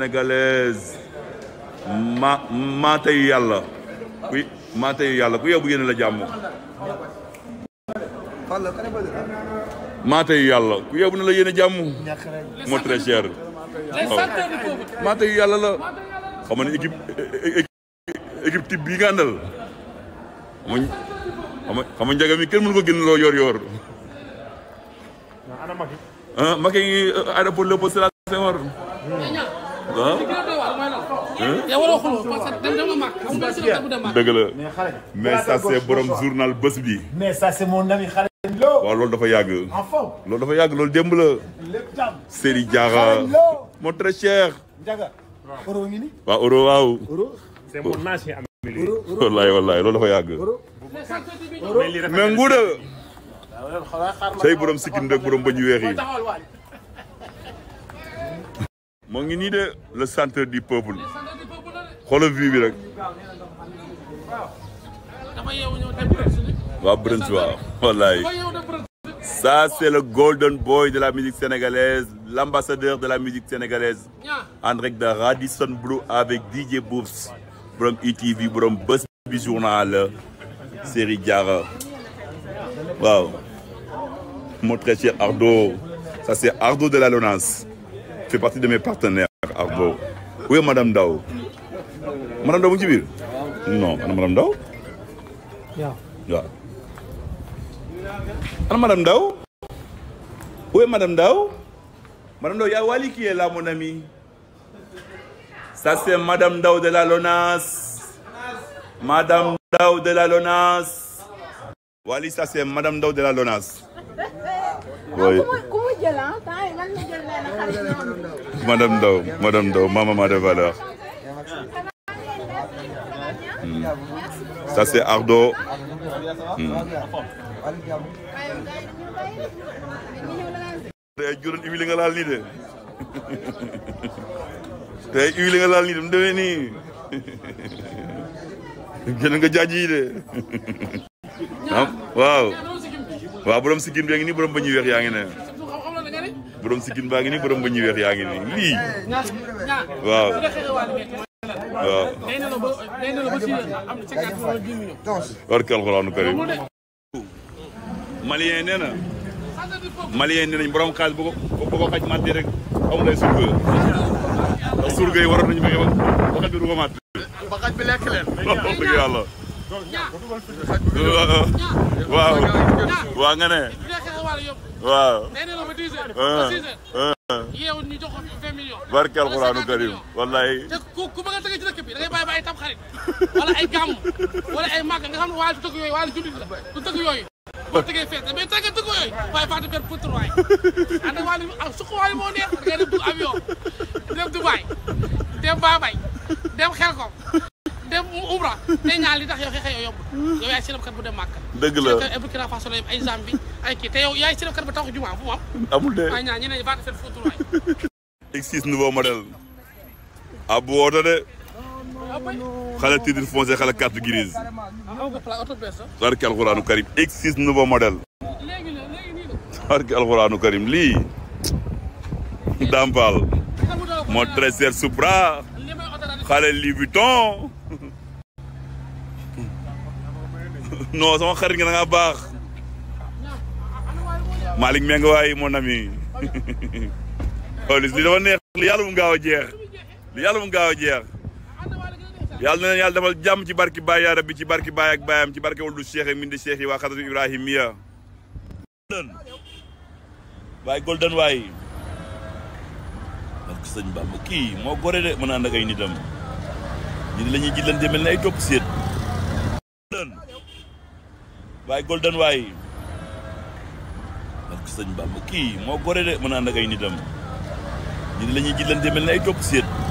sénégalaise ma maa teyu yàlla ku maa teyu yàlla ku yóbbu la jàmm maa teyu yàlla na la yéene jàmm moo très cher maa teyu la xam nga ne bii nga àndal xam nga kenn mënu ko génn loo yor yor ah Macky euh, ngi ah. dëgg la mais ça c'est journal bés bi. mais waaw loolu dafa yàgg. loolu dafa yàgg loolu démb la. Seri Diarra. mon très waaw euro waaw. c'est loolu dafa yàgg. mais nguuda. Ah say borom sikkim rek borom ba ñu moo ngi nii le centre du peuple xoolal vie bi rek waaw ça c'est le golden boy de la musique sénégalaise l'ambassadeur de la musique sénégalaise en de Radisson Blu avec DJ Boubs borom ITV e borom bés bi journal série Diarra waaw mon très cher Ardo ça c'est Ardo de la Lonase fait partie de mes partenaires Arbo oui madame Ndao madame Ndao mu ngi ci biir non ana madame Ndao waaw ana madame Ndao oui madame Ndao madame Ndao yaa Wally qui est là mon ami ça c'est madame Ndao de la LONASE madame Ndao de la LONASE Wally ça c'est madame Ndao de la LONASE ah, madame Ndao madame Ndao ma maman de valeur. Hmm. Ardo. juróom huile nga laal nii de tey huile nga laal nii de mu demee nii nga jaaj yi de waaw waaw borom sikkim bi nii borom ba weex yaa ngi ne borom sikkin baa ngi nii borom ba ñu weex yaa ngi nii lii waaw waaw barke alxuraanu karim malien nee na malien nee nañ borom xaalis bu ko bu ko rek amul ay surga ndax surga yi waroon nañu fexe ba xaj bi du waaw waaw nga ne waaw. Ah. Ah. yeewul ñu jox ko vingt millions. barkeel xuraanu karim wallaay. te ku ku bëgg a tëgg ci dëkk bi da ngay bàyyi ba ay tam xarit wala ay gàmm wala ay màgg nga xam ne waa du tëgg yooyu waa du jullit la du tëgg yooyu. boo tëggee fees mais tëgg tëgg yooyu waaye fàtte benn pëtr waay ànd ak wàllu ah, suq wàllu moo neex da ngay dem avion dem Dubaï dem Bambey dem Xelkom dem umra te ñaar li tax yow xeexe yow yomb mm. yow yaay sinabkat bu dem màkk dëgg la Burkina Faso la yem ay Zambie ay kii te yow yaay sinabkat ba tax jumaa fu mu am amul de ay ñaar ñi ne vaata seen fóotuwaay X6 nouveau modèle abu ah, oto de xale titre foncé xale carte grise barki alxuraanu karim X6 nouveau modèle barki alxuraanu karim lii dampal mon très cher Supra xale Louis Vuitton non sama xarit nga da ngaa baax Malick Mbengue waaye mon ami Pawlish oh, li dafa neex li yàlla mu gaaw a jeex li yàlla mu gaaw a jeex yàlla na leen yàlla defal jàmm ci barki Baye yaa rabbi ci barki Baye ak Bayam ci barke wuldu Cheikh min di Cheikh yi waa xasatu Ibrahimiya waaye golden waaye parce que sëñ Bamba kii moo gore de mën naa nag ay nitam ñi la ñuy jillante mel ni ay topp séet waaye golden waay parce que sëñ Bamba kii moo gore de mën ànd ak ay nitam ñi la ñuy ji ay topp